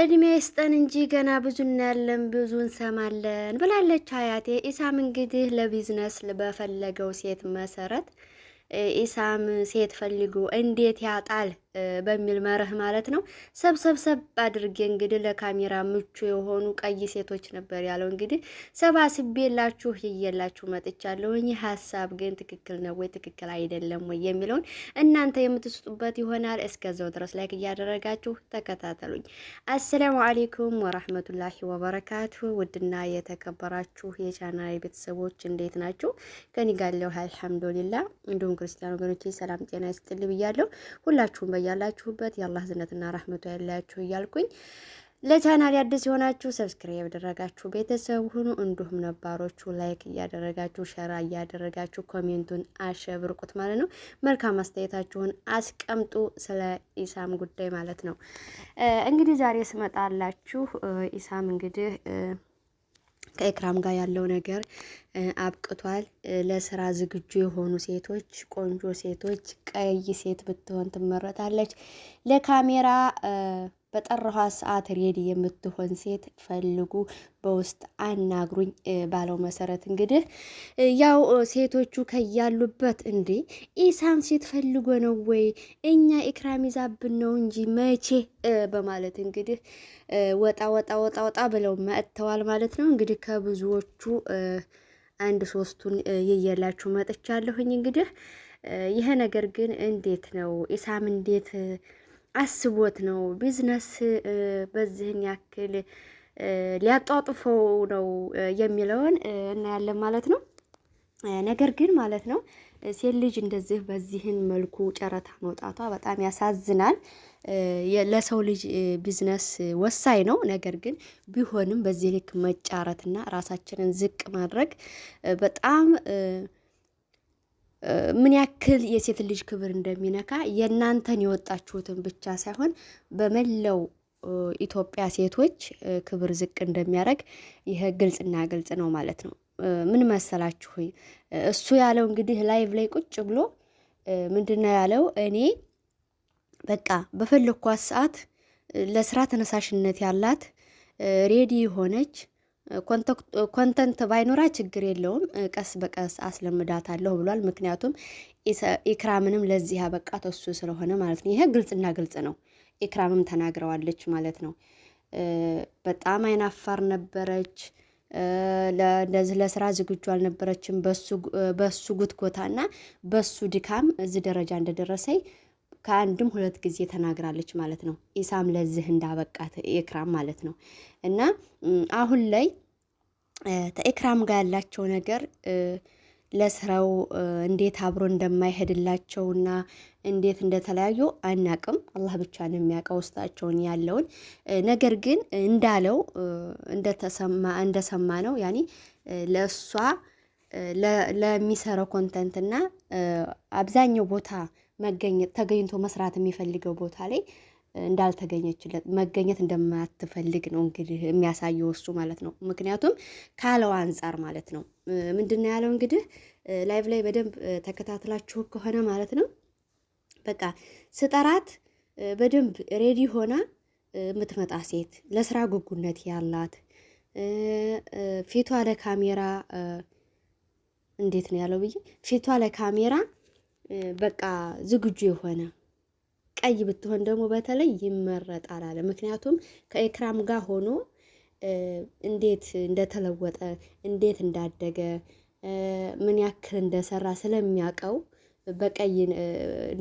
እድሜ ይስጠን እንጂ ገና ብዙ እናያለን፣ ብዙ እንሰማለን ብላለች ሀያቴ። ኢሳም እንግዲህ ለቢዝነስ በፈለገው ሴት መሰረት ኢሳም ሴት ፈልጎ እንዴት ያጣል በሚል መርህ ማለት ነው። ሰብሰብሰብ አድርጌ እንግዲህ ለካሜራ ምቹ የሆኑ ቀይ ሴቶች ነበር ያለው። እንግዲህ ሰባስቤላችሁ ይዤላችሁ መጥቻለሁ። ይህ ሀሳብ ግን ትክክል ነው ወይ ትክክል አይደለም ወይ የሚለውን እናንተ የምትስጡበት ይሆናል። እስከዛው ድረስ ላይክ እያደረጋችሁ ተከታተሉኝ። አሰላሙ አሌይኩም ወራህመቱላሂ ወበረካቱሁ። ውድና የተከበራችሁ የቻናል ቤተሰቦች እንዴት ናችሁ? ከኒጋለሁ አልሐምዱሊላ። እንዲሁም ክርስቲያን ወገኖች ሰላም ጤና ይስጥልኝ ብያለሁ ሁላችሁም በያላችሁበት የአላህ ዝነትና ራህመቱ ያላችሁ እያልኩኝ ለቻናል አዲስ የሆናችሁ ሰብስክራይብ ያደረጋችሁ ቤተሰብ ሁኑ። እንዲሁም ነባሮቹ ላይክ እያደረጋችሁ ሸራ እያደረጋችሁ ኮሜንቱን አሸብርቁት ማለት ነው። መልካም አስተያየታችሁን አስቀምጡ፣ ስለ ኢሳም ጉዳይ ማለት ነው። እንግዲህ ዛሬ ስመጣላችሁ ኢሳም እንግዲህ ከኤክራም ጋር ያለው ነገር አብቅቷል። ለስራ ዝግጁ የሆኑ ሴቶች፣ ቆንጆ ሴቶች፣ ቀይ ሴት ብትሆን ትመረጣለች ለካሜራ በጠራኋ ሰዓት ሬዲ የምትሆን ሴት ፈልጉ፣ በውስጥ አናግሩኝ ባለው መሰረት እንግዲህ ያው ሴቶቹ ከያሉበት እንዴ ኢሳም ሴት ፈልጎ ነው ወይ እኛ ኢክራም ይዛብን ነው እንጂ መቼ በማለት እንግዲህ ወጣ ወጣ ወጣ ወጣ ብለው መጥተዋል ማለት ነው። እንግዲህ ከብዙዎቹ አንድ ሶስቱን ይየላችሁ መጥቻለሁኝ። እንግዲህ ይሄ ነገር ግን እንዴት ነው ኢሳም እንዴት አስቦት ነው። ቢዝነስ በዚህን ያክል ሊያጧጥፈው ነው የሚለውን እናያለን ማለት ነው። ነገር ግን ማለት ነው ሴት ልጅ እንደዚህ በዚህን መልኩ ጨረታ መውጣቷ በጣም ያሳዝናል። ለሰው ልጅ ቢዝነስ ወሳኝ ነው። ነገር ግን ቢሆንም በዚህ ልክ መጫረትና ራሳችንን ዝቅ ማድረግ በጣም ምን ያክል የሴት ልጅ ክብር እንደሚነካ የእናንተን የወጣችሁትን ብቻ ሳይሆን በመላው ኢትዮጵያ ሴቶች ክብር ዝቅ እንደሚያደርግ ይህ ግልጽና ግልጽ ነው ማለት ነው። ምን መሰላችሁኝ? እሱ ያለው እንግዲህ ላይቭ ላይ ቁጭ ብሎ ምንድን ነው ያለው? እኔ በቃ በፈለኳት ሰዓት ለስራ ተነሳሽነት ያላት ሬዲ የሆነች ኮንተንት ባይኖራ ችግር የለውም፣ ቀስ በቀስ አስለምዳታለሁ ብሏል። ምክንያቱም ኢክራምንም ለዚህ ያበቃት እሱ ስለሆነ ማለት ነው። ይሄ ግልጽና ግልጽ ነው። ኢክራምም ተናግረዋለች ማለት ነው። በጣም አይናፋር ነበረች፣ ለዚህ ለስራ ዝግጁ አልነበረችም። በሱ ጉትጎታና በሱ ድካም እዚህ ደረጃ እንደደረሰኝ ከአንድም ሁለት ጊዜ ተናግራለች ማለት ነው። ኢሳም ለዚህ እንዳበቃት ኤክራም ማለት ነው። እና አሁን ላይ ከኤክራም ጋር ያላቸው ነገር ለስራው እንዴት አብሮ እንደማይሄድላቸውና እንዴት እንደተለያዩ አናቅም። አላህ ብቻ ነው የሚያውቀው ውስጣቸውን ያለውን ነገር። ግን እንዳለው እንደሰማ ነው ያኒ ለእሷ ለሚሰራው ኮንተንትና አብዛኛው ቦታ መገኘት ተገኝቶ መስራት የሚፈልገው ቦታ ላይ እንዳልተገኘችለት መገኘት እንደማትፈልግ ነው እንግዲህ የሚያሳየው እሱ ማለት ነው። ምክንያቱም ካለው አንጻር ማለት ነው ምንድን ያለው እንግዲህ ላይቭ ላይ በደንብ ተከታትላችሁ ከሆነ ማለት ነው በቃ ስጠራት በደንብ ሬዲ ሆና የምትመጣ ሴት ለስራ ጉጉነት ያላት ፊቷ ለካሜራ እንዴት ነው ያለው ብዬ ፊቷ ለካሜራ በቃ ዝግጁ የሆነ ቀይ ብትሆን ደግሞ በተለይ ይመረጣል አለ። ምክንያቱም ከኤክራም ጋር ሆኖ እንዴት እንደተለወጠ እንዴት እንዳደገ ምን ያክል እንደሰራ ስለሚያውቀው በቀይ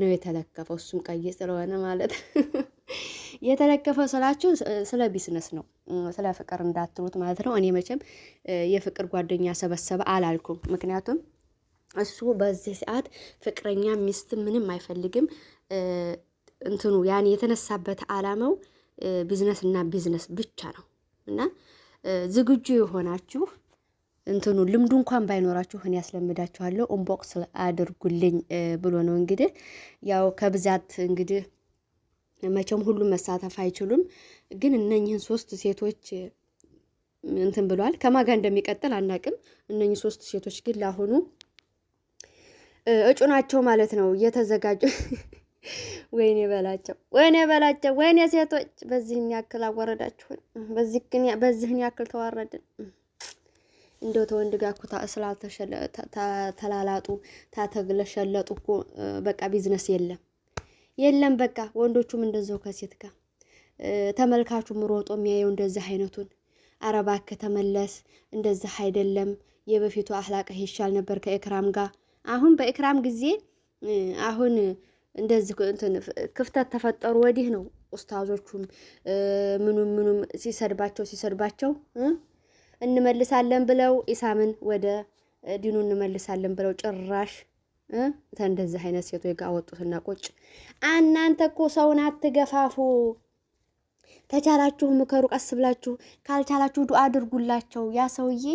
ነው የተለከፈው። እሱም ቀይ ስለሆነ ማለት የተለከፈው ስላችሁ ስለ ቢዝነስ ነው፣ ስለ ፍቅር እንዳትሉት ማለት ነው። እኔ መቼም የፍቅር ጓደኛ ሰበሰበ አላልኩም፣ ምክንያቱም እሱ በዚህ ሰዓት ፍቅረኛ ሚስት ምንም አይፈልግም። እንትኑ ያን የተነሳበት አላማው ቢዝነስ እና ቢዝነስ ብቻ ነው እና ዝግጁ የሆናችሁ እንትኑ ልምዱ እንኳን ባይኖራችሁ እኔ ያስለምዳችኋለሁ። ኦንቦክስ አድርጉልኝ ብሎ ነው እንግዲህ ያው ከብዛት እንግዲህ መቼም ሁሉም መሳተፍ አይችሉም፣ ግን እነኝህን ሶስት ሴቶች እንትን ብሏል ከማጋ እንደሚቀጥል አናቅም። እነኝህ ሶስት ሴቶች ግን ለአሁኑ እጩ ናቸው ማለት ነው እየተዘጋጁ ወይኔ በላቸው ወይኔ በላቸው ወይኔ ሴቶች በዚህን ያክል አወረዳችሁን በዚህን ያክል ተዋረድን። እንደው ተወንድ ጋር እኮ ስላልተላላጡ ታተግለሸለጡ እኮ በቃ ቢዝነስ የለም የለም። በቃ ወንዶቹም እንደዛው ከሴት ጋር ተመልካቹም ሮጦ የሚያየው እንደዚህ አይነቱን አረባክ ተመለስ፣ እንደዚህ አይደለም የበፊቱ አህላቀህ ይሻል ነበር ከኤክራም ጋር አሁን በኢክራም ጊዜ አሁን እንደዚህ ክፍተት ተፈጠሩ ወዲህ ነው ኡስታዞቹም ምኑም ምኑም ሲሰድባቸው ሲሰድባቸው እንመልሳለን ብለው ኢሳምን ወደ ዲኑ እንመልሳለን ብለው ጭራሽ እንደዚህ አይነት ሴቶች ጋር አወጡትና ቁጭ እናንተ እኮ ሰውን አትገፋፉ ከቻላችሁ ምከሩ፣ ቀስ ብላችሁ ካልቻላችሁ ዱአ አድርጉላቸው። ያ ሰውዬ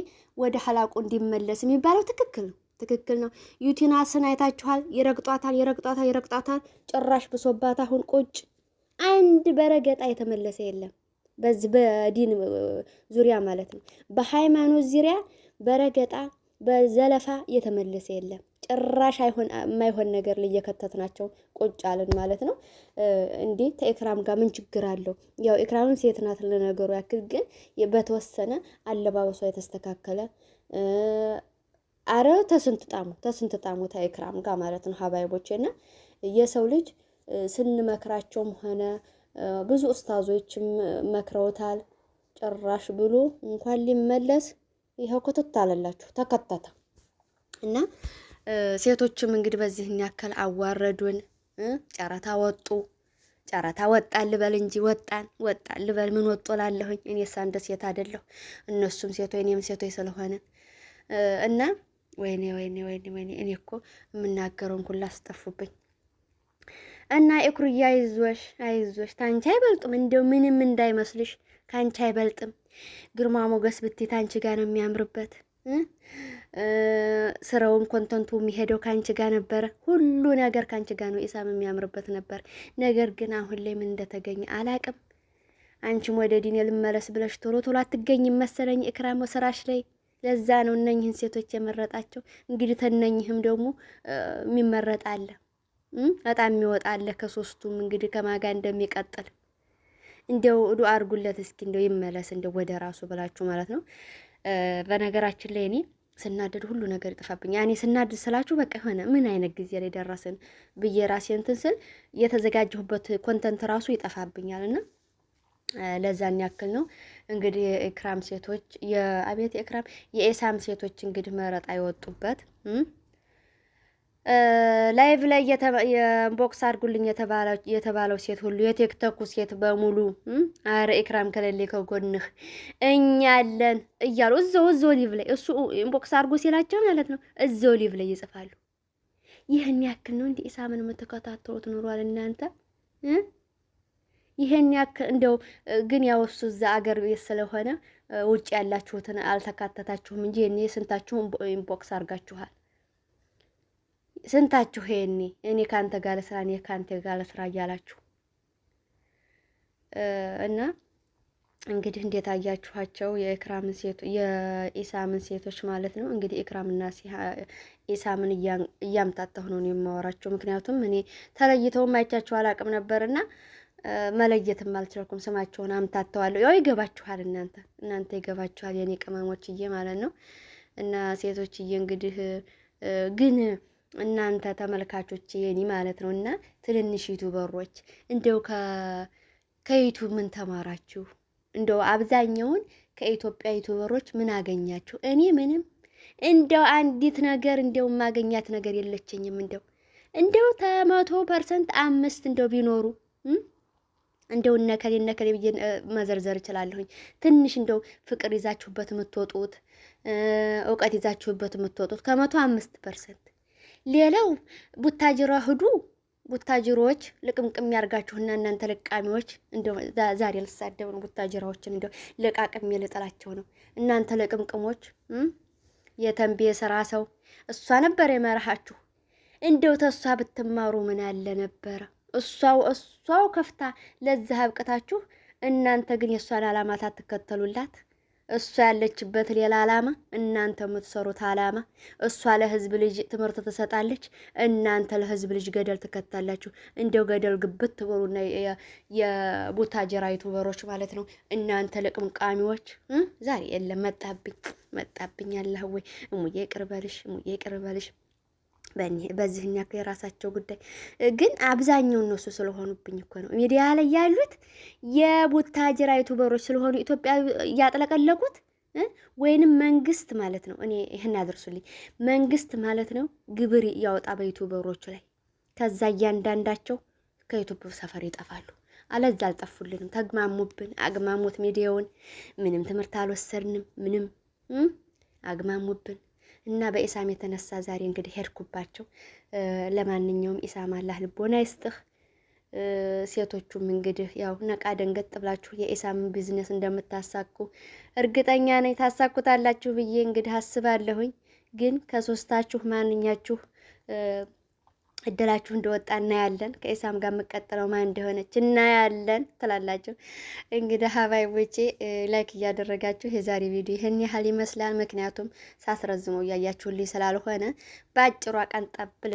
ወደ ሀላቁ እንዲመለስ የሚባለው ትክክል ነው። ትክክል ነው። ዩቲናስን አይታችኋል? ይረግጧታል፣ ይረግጧታል፣ ይረግጧታል። ጭራሽ ብሶባት አሁን ቁጭ አንድ በረገጣ የተመለሰ የለም። በዚህ በዲን ዙሪያ ማለት ነው። በሃይማኖት ዙሪያ በረገጣ በዘለፋ እየተመለሰ የለም። ጭራሽ የማይሆን ነገር ልየከተት ናቸው ቁጭ አለን ማለት ነው። እንዴ ተኤክራም ጋር ምን ችግር አለው? ያው ኤክራምን ሴት ናት ለነገሩ ያክል ግን በተወሰነ አለባበሷ የተስተካከለ አረ ተስንት ጣሙ ተስንት ጣሙ ታይክራም ጋር ማለት ነው ሀባይቦቼና የሰው ልጅ ስንመክራቸውም ሆነ ብዙ ኡስታዞችም መክረውታል። ጭራሽ ብሎ እንኳን ሊመለስ ይኸው ክትት አለላችሁ ተከተተ እና ሴቶችም እንግዲህ በዚህን ያክል አዋረዱን። ጨረታ ወጡ ጨረታ ወጣን ልበል እንጂ ወጣን ወጣን ልበል ምን ወጦ ላለሁኝ እኔ ሳንደ ሴት አደለሁ እነሱም ሴቶ እኔም ሴቶ ስለሆነ እና ወይኔ ወይኔ ወይኔ ወይኔ እኔ እኮ የምናገረውን ሁላ አስጠፉብኝ። እና ኤኩርዬ አይዞሽ አይዞሽ፣ ታንቺ አይበልጡም፣ እንደው ምንም እንዳይመስልሽ፣ ታንቺ አይበልጥም። ግርማ ሞገስ ብቴ ታንቺ ጋር ነው የሚያምርበት። ስራውን ኮንተንቱ የሚሄደው ካንቺ ጋር ነበረ። ሁሉ ነገር ካንቺ ጋር ነው ኢሳም የሚያምርበት ነበር። ነገር ግን አሁን ላይ ምን እንደተገኘ አላቅም። አንቺም ወደ ዲኔ ልመለስ ብለሽ ቶሎ ቶሎ አትገኝም መሰለኝ ኢክራም ስራሽ ላይ ለዛ ነው እነኝህን ሴቶች የመረጣቸው። እንግዲህ ተነኝህም ደግሞ የሚመረጥ አለ፣ በጣም የሚወጣ አለ። ከሶስቱም እንግዲህ ከማጋ እንደሚቀጥል እንደው እዱ አርጉለት እስኪ እንደው ይመለስ እንደው ወደ ራሱ ብላችሁ ማለት ነው። በነገራችን ላይ እኔ ስናደድ ሁሉ ነገር ይጠፋብኛል። እኔ ስናደድ ስላችሁ በቃ የሆነ ምን አይነት ጊዜ ላይ ደረስን ብዬ ራሴ እንትን ስል የተዘጋጀሁበት ኮንተንት ራሱ ይጠፋብኛል እና ለዛን ያክል ነው እንግዲህ የኢክራም ሴቶች የአቤት የኢክራም የኤሳም ሴቶች እንግዲህ መረጣ የወጡበት ላይቭ ላይ የቦክስ አድርጉልኝ የተባለው ሴት ሁሉ የቴክተኩ ሴት በሙሉ አረ ኢክራም ከሌለ ከጎንህ እኛ አለን እያሉ እዘው እዘው ሊቭ ላይ እሱ ቦክስ አድርጉ ሲላቸው ማለት ነው እዘው ሊቭ ላይ ይጽፋሉ። ይህን ያክል ነው እንዲ ኢሳምን የምትከታተሉት ኑሯል እናንተ ይሄን ያክ እንደው ግን ያው እሱ እዛ አገር ቤት ስለሆነ ውጭ ያላችሁትን አልተካተታችሁም እንጂ ኔ ስንታችሁ ኢንቦክስ አርጋችኋል። ስንታችሁ ይሄኔ እኔ ከአንተ ጋር ስራ እኔ ከአንተ ጋር ስራ እያላችሁ እና እንግዲህ እንዴት አያችኋቸው? የኢክራምን ሴቶ የኢሳምን ሴቶች ማለት ነው። እንግዲህ ኢክራምና ኢሳምን እያምታታሁ ነው የማወራቸው። ምክንያቱም እኔ ተለይተውም አይቻቸው አላቅም ነበርና መለየትም አልቻልኩም። ስማቸውን አምታተዋለሁ። ያው ይገባችኋል፣ እናንተ እናንተ ይገባችኋል፣ የኔ ቅመሞችዬ ማለት ነው። እና ሴቶችዬ እንግዲህ ግን እናንተ ተመልካቾች የኔ ማለት ነው። እና ትንንሽ ዩቱበሮች እንደው ከዩቱብ ምን ተማራችሁ? እንደው አብዛኛውን ከኢትዮጵያ ዩቱበሮች ምን አገኛችሁ? እኔ ምንም እንደው አንዲት ነገር እንደው ማገኛት ነገር የለችኝም። እንደው እንደው ተመቶ ፐርሰንት አምስት እንደው ቢኖሩ እንደው እነከሌ እነከሌ ብዬ መዘርዘር እችላለሁኝ። ትንሽ እንደው ፍቅር ይዛችሁበት የምትወጡት እውቀት ይዛችሁበት የምትወጡት ከመቶ አምስት ፐርሰንት ሌላው ቡታጅራ ህዱ ቡታጅሮዎች ልቅምቅም ያርጋችሁና እናንተ ልቃሚዎች፣ እንደው ዛሬ ልሳደብ ነው ቡታጅራዎችን፣ እንደው ልቃቅሜ ልጠላቸው ነው። እናንተ ልቅምቅሞች፣ የተንቤ ስራ ሰው እሷ ነበር የመርሃችሁ። እንደው ተሷ ብትማሩ ምን አለ ነበረ። እሷው እሷው ከፍታ ለዚህ አብቅታችሁ እናንተ ግን የእሷን አላማ ታትከተሉላት። እሷ ያለችበት ሌላ አላማ፣ እናንተ የምትሰሩት አላማ። እሷ ለህዝብ ልጅ ትምህርት ትሰጣለች፣ እናንተ ለህዝብ ልጅ ገደል ትከታላችሁ። እንደው ገደል ግብት የቦታ የቡታጀራ ዩቱበሮች ማለት ነው። እናንተ ልቅምቃሚዎች ዛሬ የለም መጣብኝ፣ መጣብኝ አላህ ወይ እሙዬ ይቅር እሙዬ በዚህኛ የራሳቸው ጉዳይ ግን አብዛኛው እነሱ ስለሆኑብኝ እኮ ነው ሚዲያ ላይ ያሉት የቡታጅራ ዩቱበሮች ስለሆኑ ኢትዮጵያ እያጥለቀለቁት ወይንም መንግስት ማለት ነው። እኔ ይህን አድርሱልኝ። መንግስት ማለት ነው ግብር ያወጣ በዩቱበሮቹ ላይ ከዛ እያንዳንዳቸው ከዩቱብ ሰፈር ይጠፋሉ። አለዛ አልጠፉልንም። ተግማሙብን፣ አግማሙት ሚዲያውን። ምንም ትምህርት አልወሰድንም። ምንም አግማሙብን። እና በኢሳም የተነሳ ዛሬ እንግዲህ ሄድኩባቸው። ለማንኛውም ኢሳም አላህ ልቦና ይስጥህ። ሴቶቹም እንግዲህ ያው ነቃ ደንገጥ ብላችሁ የኢሳም ቢዝነስ እንደምታሳኩ እርግጠኛ ነኝ። ታሳኩታላችሁ ብዬ እንግዲህ አስባለሁኝ። ግን ከሶስታችሁ ማንኛችሁ እድላችሁ እንደወጣ እናያለን። ከኢሳም ጋር የምቀጥለው ማን እንደሆነች እናያለን ትላላችሁ። እንግዲህ ሀባይ ቦቼ ላይክ እያደረጋችሁ የዛሬ ቪዲዮ ይህን ያህል ይመስላል። ምክንያቱም ሳስረዝመው እያያችሁልኝ ስላልሆነ በአጭሯ ቀን ጠብል